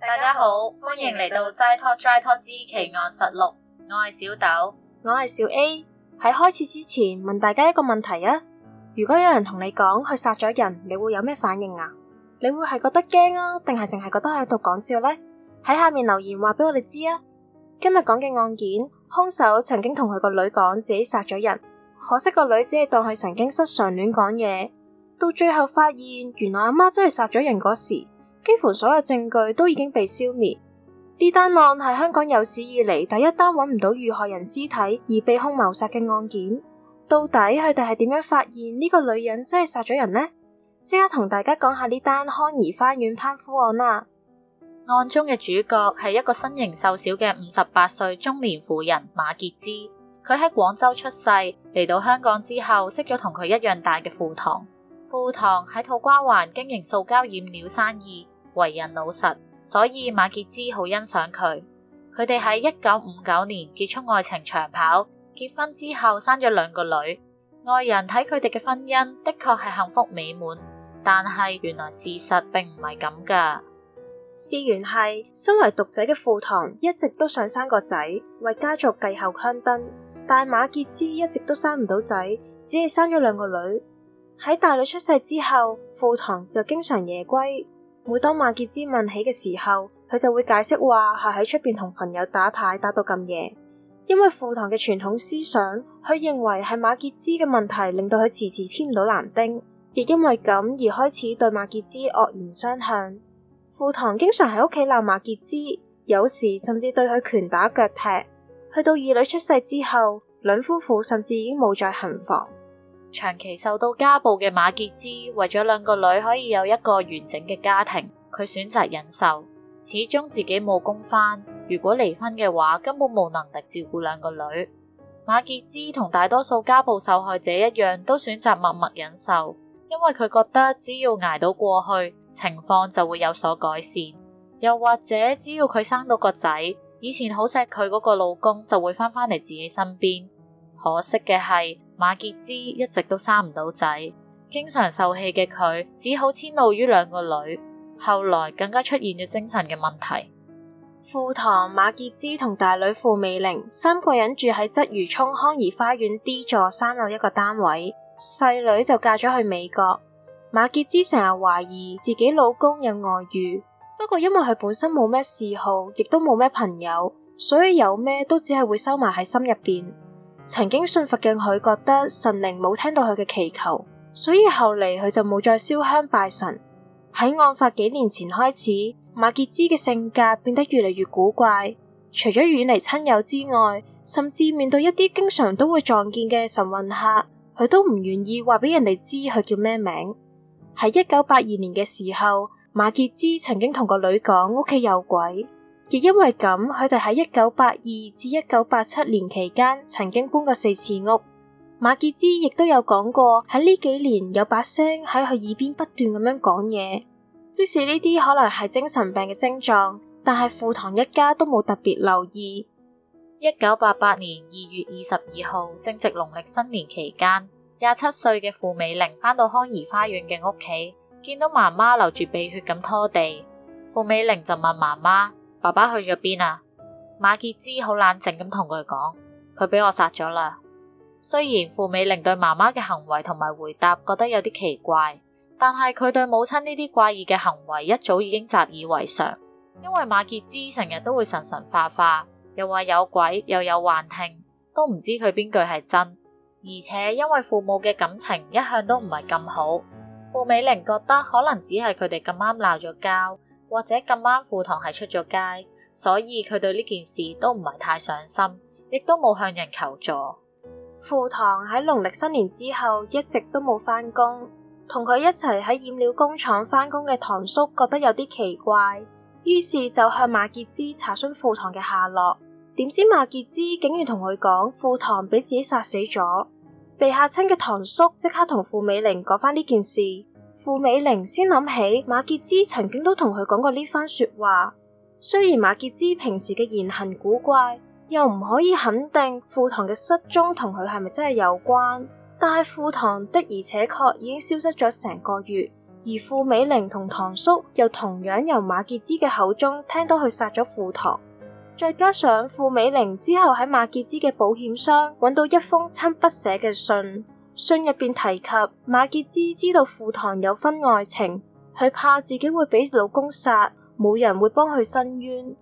大家好，歡迎嚟到《齋拖齋拖》之奇案實錄。我係小豆，我係小 A。喺開始之前，問大家一個問題啊：如果有人同你講佢殺咗人，你會有咩反應啊？你會係覺得驚啊，定係淨係覺得喺度講笑呢？喺下面留言話俾我哋知啊！今日講嘅案件，凶手曾經同佢個女講自己殺咗人，可惜個女只係當佢神經失常亂講嘢，到最後發現原來阿媽真係殺咗人嗰時，幾乎所有證據都已經被消滅，呢單案係香港有史以嚟第一單揾唔到遇害人屍體而被控謀殺嘅案件。到底佢哋係點樣發現呢個女人真係殺咗人呢？即刻同大家講下呢單康怡花園烹夫案啦。案中嘅主角係一個身形瘦小嘅五十八歲中年婦人馬潔芝，佢喺廣州出世，嚟到香港之後識咗同佢一樣大嘅傅棠，傅棠喺土瓜灣經營塑膠染料生意。為人老實，所以馬潔芝好欣賞佢。佢哋喺一九五九年結束愛情長跑，結婚之後生咗兩個女。外人睇佢哋嘅婚姻的確係幸福美滿，但係原來事實並唔係咁噶。事源係身為獨仔嘅傅棠一直都想生個仔，為家族繼後香燈，但係馬潔芝一直都生唔到仔，只係生咗兩個女。喺大女出世之後，傅棠就經常夜歸。每當馬潔芝問起嘅時候，佢就會解釋話係喺出邊同朋友打牌打到咁夜。因為傅棠嘅傳統思想，佢認為係馬潔芝嘅問題令到佢遲遲添唔到男丁，亦因為咁而開始對馬潔芝惡言相向。傅棠經常喺屋企鬧馬潔芝，有時甚至對佢拳打腳踢。去到二女出世之後，兩夫婦甚至已經冇再行房。長期受到家暴嘅馬潔芝，為咗兩個女可以有一個完整嘅家庭，佢選擇忍受，始終自己冇工返。如果離婚嘅話，根本冇能力照顧兩個女。馬潔芝同大多數家暴受害者一樣，都選擇默默忍受，因為佢覺得只要捱到過去，情況就會有所改善。又或者只要佢生到個仔，以前好錫佢嗰個老公就會返返嚟自己身邊。可惜嘅係，馬潔芝一直都生唔到仔，經常受氣嘅佢只好遷怒於兩個女。後來更加出現咗精神嘅問題。傅棠馬潔芝同大女傅美玲三個人住喺鰂魚涌康怡花園 D 座三樓一個單位，細女就嫁咗去美國。馬潔芝成日懷疑自己老公有外遇，不過因為佢本身冇咩嗜好，亦都冇咩朋友，所以有咩都只係會收埋喺心入邊。曾經信佛嘅佢覺得神靈冇聽到佢嘅祈求，所以後嚟，佢就冇再燒香拜神。喺案發幾年前開始，馬潔芝嘅性格變得越嚟越古怪，除咗遠離親友之外，甚至面對一啲經常都會撞見嘅神魂客，佢都唔願意話俾人哋知佢叫咩名。喺一九八二年嘅時候，馬潔芝曾經同個女講屋企有鬼。亦因為咁，佢哋喺一九八二至一九八七年期間曾經搬過四次屋。馬潔芝亦都有講過喺呢幾年有把聲喺佢耳邊不斷咁樣講嘢，即使呢啲可能係精神病嘅症狀，但係傅棠一家都冇特別留意。一九八八年二月二十二號，正值農曆新年期間，廿七歲嘅傅美玲返到康怡花園嘅屋企，見到媽媽流住鼻血咁拖地，傅美玲就問媽媽，爸爸去咗邊啊？馬潔芝好冷靜咁同佢講，佢俾我殺咗啦。雖然傅美玲對媽媽嘅行為同埋回答覺得有啲奇怪，但係佢對母親呢啲怪異嘅行為一早已經習以為常。因為馬潔芝成日都會神神化化，又話有鬼，又有幻聽，都唔知佢邊句係真。而且因為父母嘅感情一向都唔係咁好，傅美玲覺得可能只係佢哋咁啱鬧咗交。或者咁啱傅棠係出咗街，所以佢對呢件事都唔係太上心，亦都冇向人求助。傅棠喺農曆新年之後一直都冇返工，同佢一齊喺染料工廠返工嘅堂叔覺得有啲奇怪，於是就向馬潔芝查詢傅棠嘅下落。點知馬潔芝竟然同佢講傅棠俾自己殺死咗，被嚇親嘅堂叔即刻同傅美玲講翻呢件事。傅美玲先諗起馬潔芝曾經都同佢講過呢番說話，雖然馬潔芝平時嘅言行古怪，又唔可以肯定傅棠嘅失蹤同佢係咪真係有關，但係傅棠的而且確已經消失咗成個月，而傅美玲同堂叔又同樣由馬潔芝嘅口中聽到佢殺咗傅棠，再加上傅美玲之後喺馬潔芝嘅保險箱搵到一封親筆寫嘅信。信入面提及馬潔芝知道傅棠有婚外情，佢怕自己會俾老公殺，冇人會幫佢伸冤。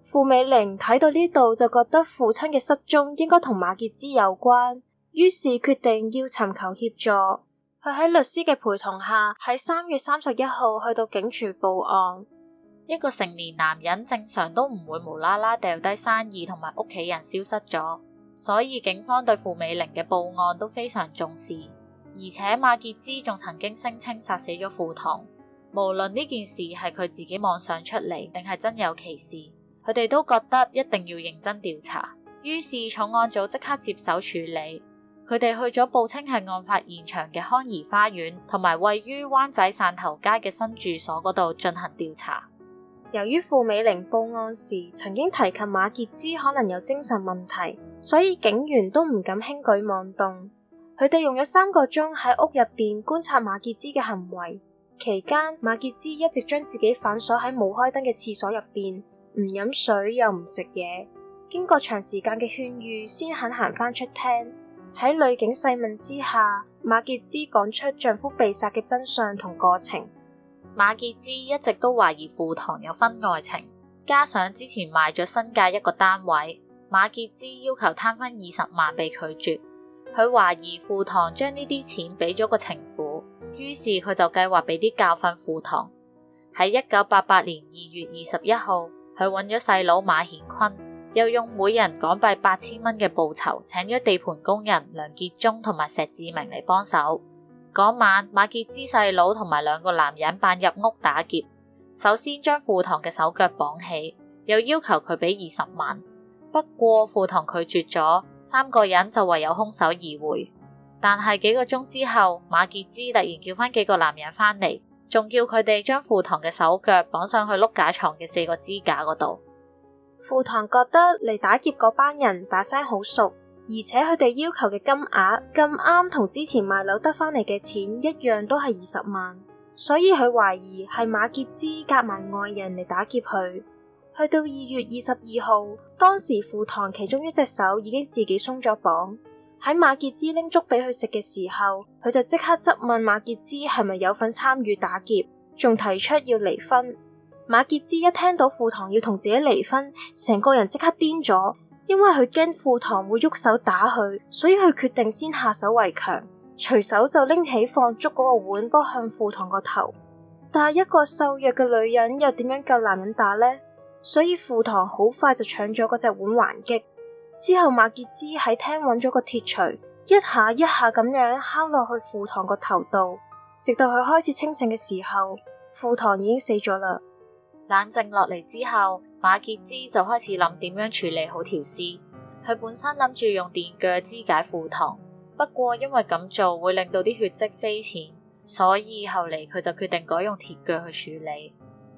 傅美玲睇到呢度就覺得父親嘅失蹤應該同馬潔芝有關，於是決定要尋求協助。佢喺律師嘅陪同下，喺三月三十一號去到警署報案。一個成年男人正常都唔會無啦啦掉低生意同埋屋企人消失咗。所以警方對傅美玲嘅報案都非常重視，而且馬潔芝仲曾經聲稱殺死咗傅棠。無論呢件事係佢自己妄想出嚟，定係真有其事，佢哋都覺得一定要認真調查。於是重案組即刻接手處理，佢哋去咗報稱係案發現場嘅康怡花園，同埋位於灣仔汕頭街嘅新住所嗰度進行調查。由於傅美玲報案時曾經提及馬潔芝可能有精神問題。所以警員都唔敢輕舉妄動，佢哋用咗三個鐘喺屋入邊觀察馬潔芝嘅行為。期間，馬潔芝一直將自己反鎖喺冇開燈嘅廁所入邊，唔飲水又唔食嘢。經過長時間嘅勸喻，先肯行翻出廳。喺女警細問之下，馬潔芝講出丈夫被殺嘅真相同過程。馬潔芝一直都懷疑傅棠有婚外情，加上之前賣咗新界一個單位。馬潔芝要求攤分二十萬，被拒絕。佢懷疑傅棠將呢啲錢俾咗個情婦，於是佢就計劃俾啲教訓傅棠。喺一九八八年二月二十一號，佢揾咗細佬馬顯坤，又用每人港幣八千蚊嘅報酬，請咗地盤工人梁杰忠同埋石志明嚟幫手。嗰晚，馬潔芝細佬同埋兩個男人扮入屋打劫，首先將傅棠嘅手腳綁起，又要求佢俾二十萬。不過傅棠拒絕咗，三個人就唯有空手而回。但係幾個鐘之後，馬潔芝突然叫返幾個男人返嚟，仲叫佢哋將傅棠嘅手腳綁上去碌架床嘅四個支架嗰度。傅棠覺得嚟打劫嗰班人把聲好熟，而且佢哋要求嘅金額咁啱同之前賣樓得返嚟嘅錢一樣，都係二十萬，所以佢懷疑係馬潔芝夾埋外人嚟打劫佢。去到二月二十二號，當時傅棠其中一隻手已經自己鬆咗綁，喺馬潔芝拎粥俾佢食嘅時候，佢就即刻質問馬潔芝係咪有份參與打劫，仲提出要離婚。馬潔芝一聽到傅棠要同自己離婚，成個人即刻癲咗，因為佢驚傅棠會喐手打佢，所以佢決定先下手為強，隨手就拎起放粥嗰個碗，撲向傅棠個頭。但係一個瘦弱嘅女人又點樣夠男人打呢？所以傅棠好快就搶咗嗰隻碗還擊，之後馬潔芝喺廳揾咗個鐵錘，一下一下咁樣敲落去傅棠個頭度，直到佢開始清醒嘅時候，傅棠已經死咗啦。冷靜落嚟之後，馬潔芝就開始諗點樣處理好條屍。佢本身諗住用電鋸肢解傅棠，不過因為咁做會令到啲血跡飛濺，所以後嚟佢就決定改用鐵鋸去處理。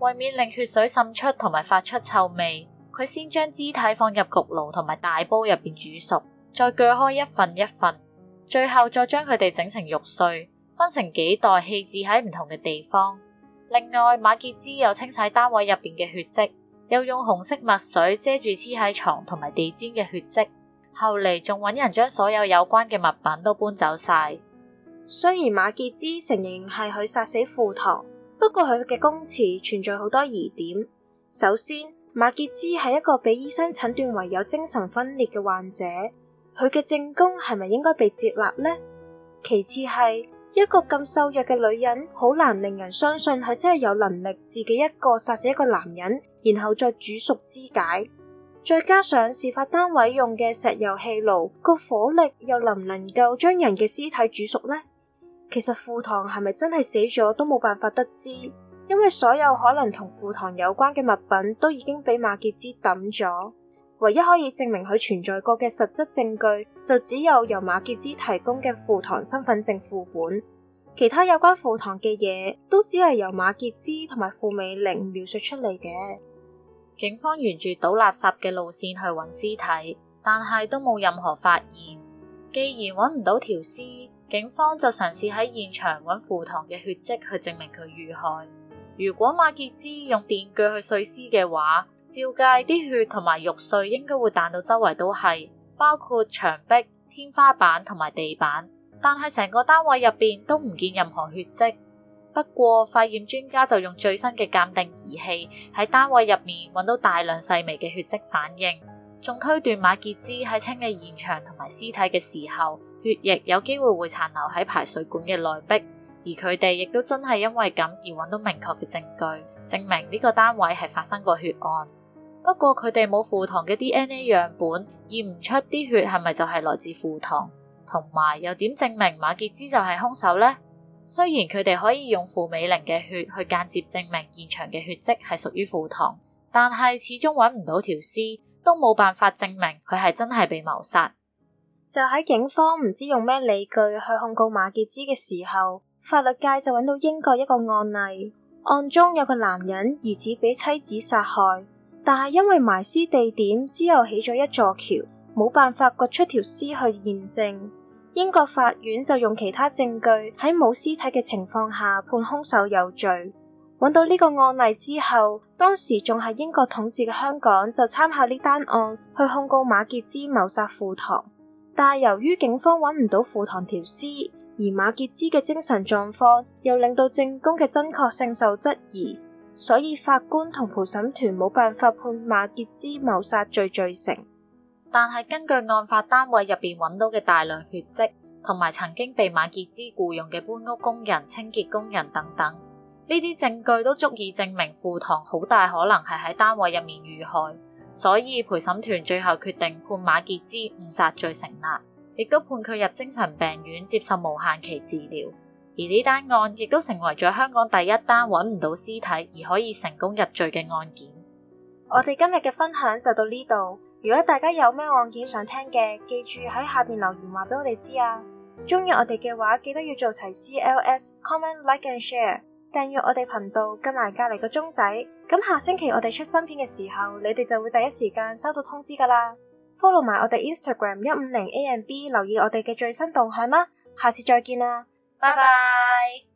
為免令血水滲出同埋發出臭味，佢先將肢體放入焗爐同埋大煲入邊煮熟，再鋸開一份一份，最後再將佢哋整成肉碎，分成幾袋棄置喺唔同嘅地方。另外，馬潔芝又清洗單位入邊嘅血跡，又用紅色墨水遮住黐喺床同埋地氈嘅血跡。後嚟仲揾人將所有有關嘅物品都搬走晒。雖然馬潔芝承認係佢殺死傅棠，不過佢嘅供詞存在好多疑點。首先，馬潔芝係一個俾醫生診斷為有精神分裂嘅患者，佢嘅證供係咪應該被接納呢？其次係一個咁瘦弱嘅女人，好難令人相信佢真係有能力自己一個殺死一個男人，然後再煮熟肢解。再加上事發單位用嘅石油氣爐，個火力又能唔能夠將人嘅屍體煮熟呢？其實傅棠係咪真係死咗都冇辦法得知，因為所有可能同傅棠有關嘅物品都已經俾馬潔芝抌咗。唯一可以證明佢存在過嘅實質證據，就只有由馬潔芝提供嘅傅棠身份證副本。其他有關傅棠嘅嘢，都只係由馬潔芝同埋傅美玲描述出嚟嘅。警方沿住倒垃圾嘅路線去揾屍體，但係都冇任何發現。既然揾唔到條屍，警方就嘗試喺現場揾傅棠嘅血迹去證明佢遇害。如果馬潔芝用電鋸去碎屍嘅話，照計啲血同埋肉碎應該會彈到周圍都係，包括牆壁、天花板同埋地板。但係成個單位入邊都唔見任何血迹。不過，化驗專家就用最新嘅鑑定儀器喺單位入面揾到大量細微嘅血迹反應，仲推斷馬潔芝喺清理現場同埋屍體嘅時候，血液有機會會殘留喺排水管嘅內壁，而佢哋亦都真係因為咁而揾到明確嘅證據，證明呢個單位係發生過血案。不過佢哋冇傅棠嘅 DNA 樣本，驗唔出啲血係咪就係來自傅棠，同埋又點證明馬潔芝就係兇手呢？雖然佢哋可以用傅美玲嘅血去間接證明現場嘅血跡係屬於傅棠，但係始終揾唔到條屍，都冇辦法證明佢係真係被謀殺。就喺警方唔知用咩理據去控告馬潔芝嘅時候，法律界就揾到英國一個案例，案中有個男人疑似俾妻子殺害，但係因為埋屍地點之後起咗一座橋，冇辦法掘出條屍去驗證。英國法院就用其他證據喺冇屍體嘅情況下判凶手有罪。揾到呢個案例之後，當時仲係英國統治嘅香港就參考呢單案去控告馬潔芝謀殺傅棠。但係由於警方揾唔到傅棠條屍，而馬潔芝嘅精神狀況又令到證供嘅真確性受質疑，所以法官同陪審團冇辦法判馬潔芝謀殺罪罪，罪成。但係根據案發單位入邊揾到嘅大量血跡，同埋曾經被馬潔芝僱傭嘅搬屋工人、清潔工人等等呢啲證據，都足以證明傅棠好大可能係喺單位入面遇害。所以陪審團最後決定判馬潔芝誤殺罪成立，亦都判佢入精神病院接受無限期治療。而呢單案亦都成為咗香港第一單揾唔到屍體而可以成功入罪嘅案件。我哋今日嘅分享就到呢度，如果大家有咩案件想聽嘅，記住喺下邊留言話俾我哋知啊。中意我哋嘅話，記得要做齊 C L S comment like and share。訂閱我哋頻道，跟埋隔籬個鐘仔，咁下星期我哋出新片嘅時候，你哋就會第一時間收到通知噶啦。 Follow 埋我哋 Instagram 一五零 A and B，留意我哋嘅最新動向啦。下次再見啦，拜拜。